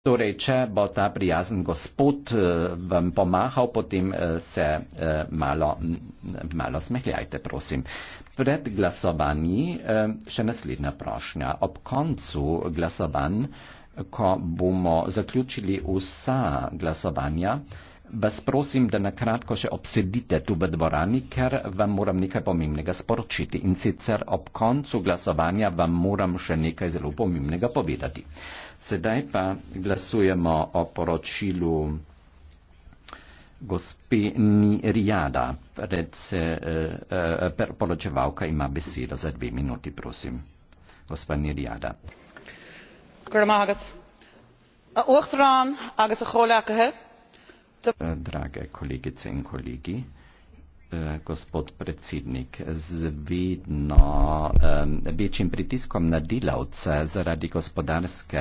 Torej, če bo ta prijazen gospod eh, vam pomahal, potem eh, se eh, malo, malo smehljajte, prosim. Pred glasovanji še naslednja prošnja. Ob koncu glasovanj, ko bomo zaključili vsa glasovanja, vas prosim, da na kratko še obsedite tu v dvorani, ker vam moram nekaj pomembnega sporočiti. In sicer ob koncu glasovanja vam moram še nekaj zelo pomembnega povedati. Sedaj pa glasujemo o poročilu gospe Nirijada, predse eh, eh poročevalka ima besedo za dve minuti, prosim. Gospa Nirijada. Kromagac. Eh, Ochtran, agas aholjake, Eh, drage kolegice in kolegi, Eh, gospod predsednik, z vedno eh, večjim pritiskom na delavce zaradi gospodarske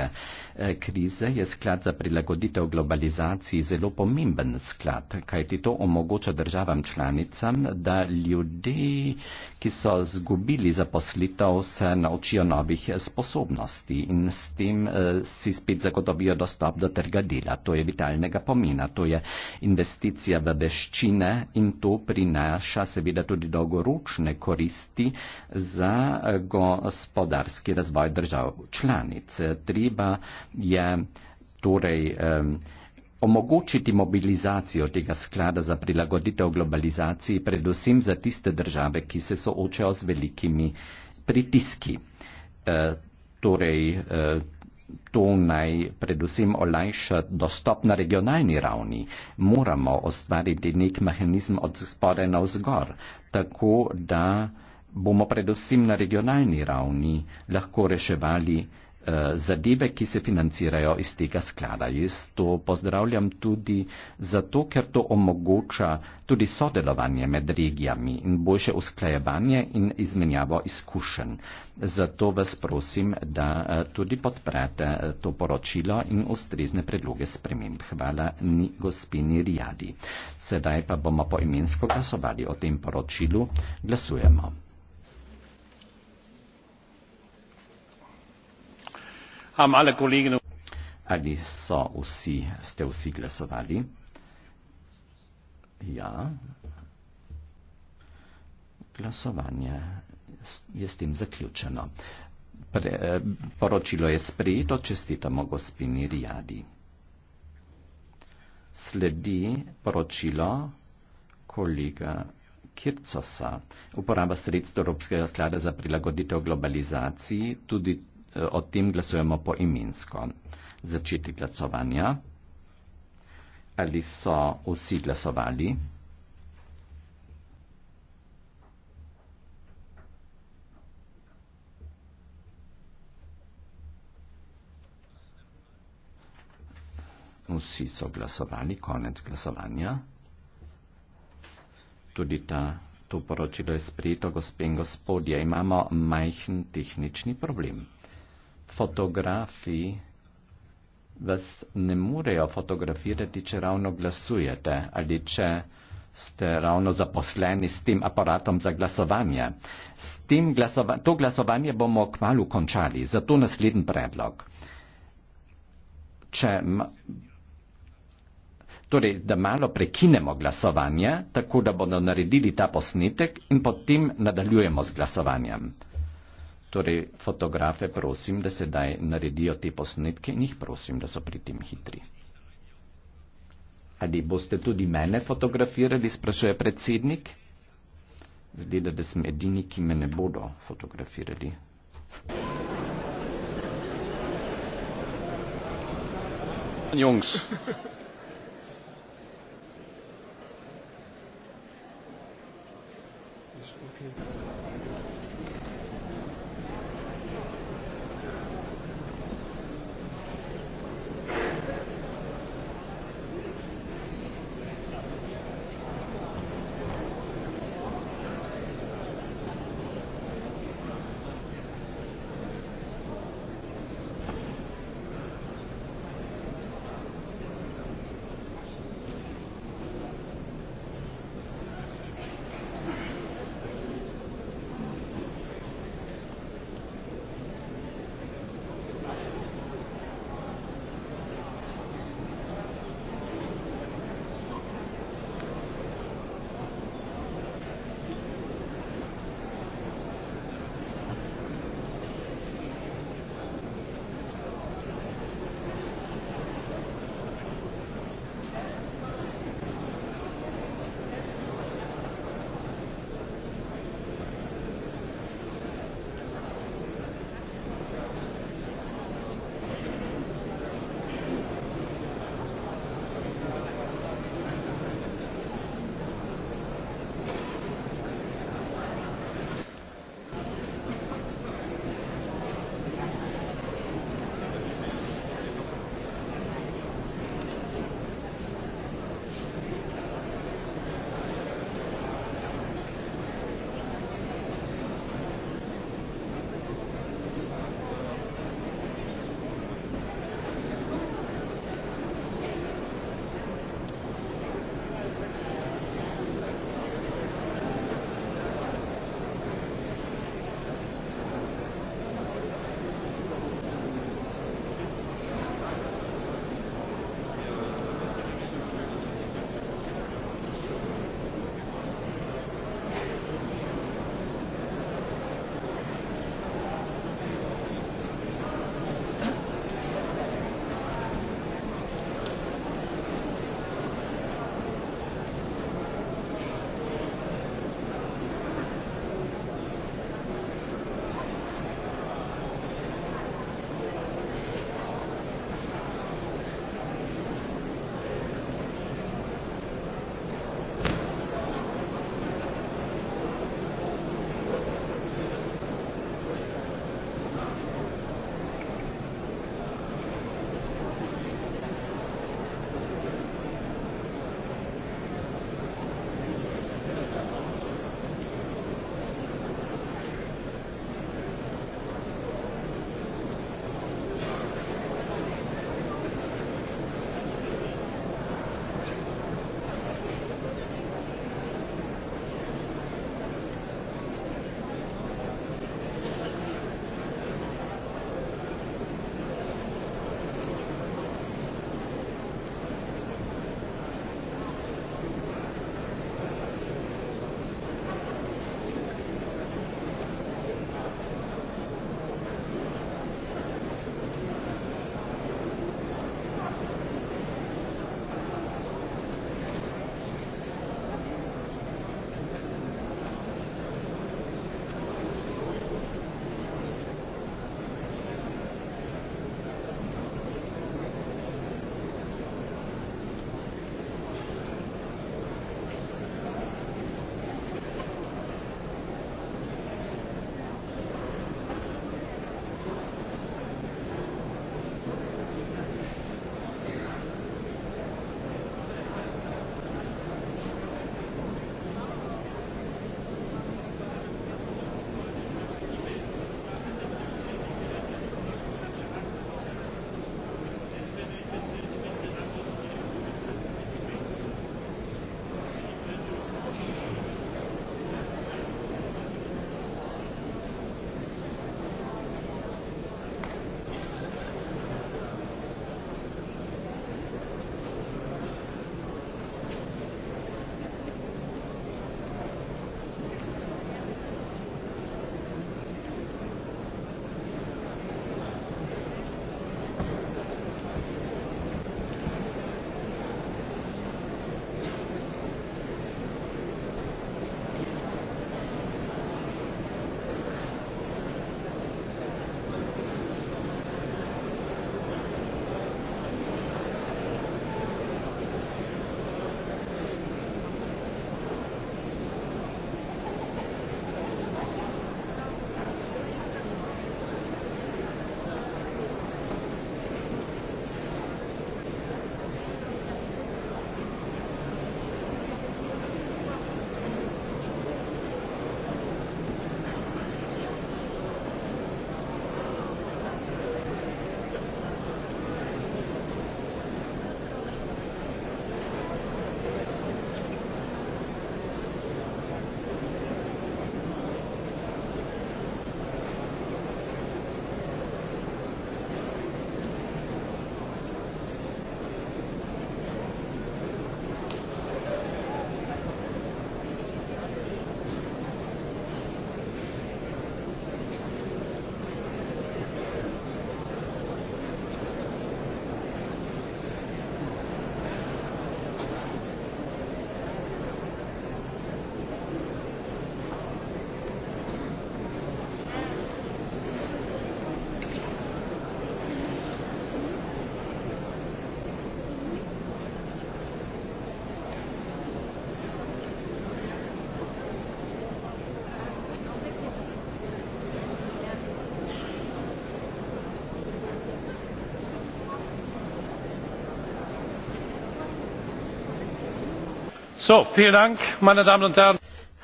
eh, krize je sklad za prilagoditev globalizaciji zelo pomemben sklad, kajti to omogoča državam članicam, da ljudi, ki so zgubili zaposlitev, se naučijo novih sposobnosti in s tem eh, si spet zagotovijo dostop do trga dela. To je vitalnega pomena, to je investicija v veščine in to prinaša prinaša seveda tudi dolgoročne koristi za eh, gospodarski razvoj držav članic. Treba je torej omogočiti mobilizacijo tega sklada za prilagoditev globalizaciji, predvsem za tiste države, ki se soočajo z velikimi pritiski. Eh, torej, eh, To naj predvsem olajša dostop na regionalni ravni. Moramo ustvariti nek mehanizem od spore na vzgor, tako da bomo predvsem na regionalni ravni lahko reševali Eh, zadeve, ki se financirajo iz tega sklada. Jaz to pozdravljam tudi zato, ker to omogoča tudi sodelovanje med regijami in boljše usklajevanje in izmenjavo izkušenj. Zato vas prosim, da eh, tudi podprete eh, to poročilo in ustrezne predloge sprememb. Hvala ni gospini Rijadi. Sedaj pa bomo poimensko glasovali o tem poročilu. Glasujemo. Ali so vsi, ste vsi glasovali? Ja. Glasovanje je s tem zaključeno. Pre, eh, poročilo je sprejeto, čestitamo gospini Rijadi. Sledi poročilo kolega Kircosa. Uporaba sredstev Evropskega sklada za prilagoditev globalizaciji, tudi Eh, o tem glasujemo po imensko. Začetek glasovanja. Ali so vsi glasovali? Vsi so glasovali, konec glasovanja. Tudi ta, to poročilo je sprejeto, gospe in gospodje, imamo majhen tehnični problem fotografi vas ne morejo fotografirati, če ravno glasujete ali če ste ravno zaposleni s tem aparatom za glasovanje. Tem glasova to glasovanje bomo kmalo končali, zato naslednji predlog. Če torej, da malo prekinemo glasovanje, tako da bodo naredili ta posnetek in potem nadaljujemo z glasovanjem. Torej, fotografe prosim, da sedaj naredijo te posnetke in jih prosim, da so pri tem hitri. Ali boste tudi mene fotografirali, sprašuje predsednik. Zgleda, da sem edini, ki me ne bodo fotografirali. Jungs. Okay.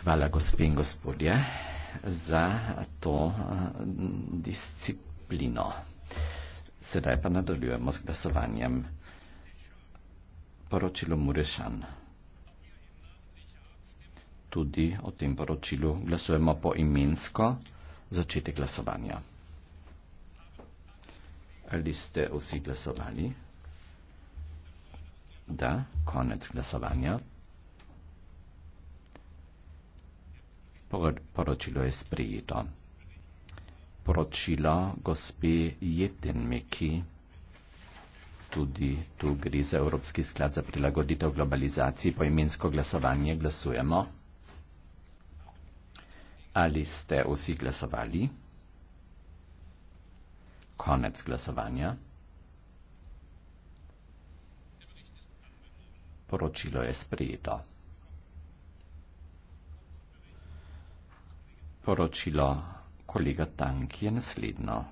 Hvala, gospe in gospodje, za to eh, disciplino. Sedaj pa nadaljujemo z glasovanjem. Poročilo Murešan. Tudi o tem poročilu glasujemo po imensko začetek glasovanja. Ali ste vsi glasovali? Da, konec glasovanja. poročilo je sprejeto. Poročilo gospe Jetenmeki, tudi tu gre za Evropski sklad za prilagoditev globalizaciji, poimensko glasovanje glasujemo. Ali ste vsi glasovali? Konec glasovanja. Poročilo je sprejeto. Poročilo kolega Tank je naslednjo.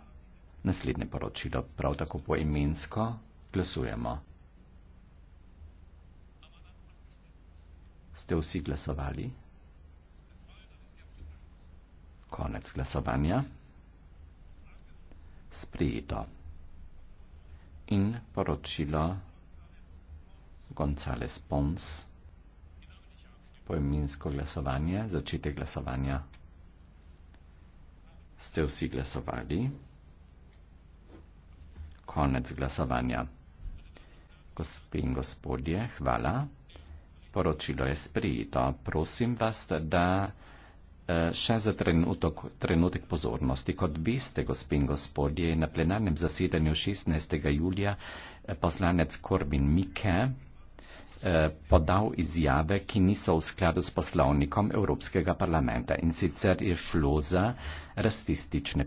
Naslednje poročilo, prav tako poimensko, glasujemo. Ste vsi glasovali? Konec glasovanja. Sprijeto. In poročilo González Pons. Poimensko glasovanje, začetek glasovanja ste vsi glasovali. Konec glasovanja. Gospe in gospodje, hvala. Poročilo je sprijeto. Prosim vas, da eh, še za trenutok, trenutek pozornosti. Kot veste, gospe in gospodje, na plenarnem zasedanju 16. julija eh, poslanec Korbin Mike Eh, podal izjave, ki niso v skladu s poslovnikom Evropskega parlamenta in sicer je šlo za rasistične.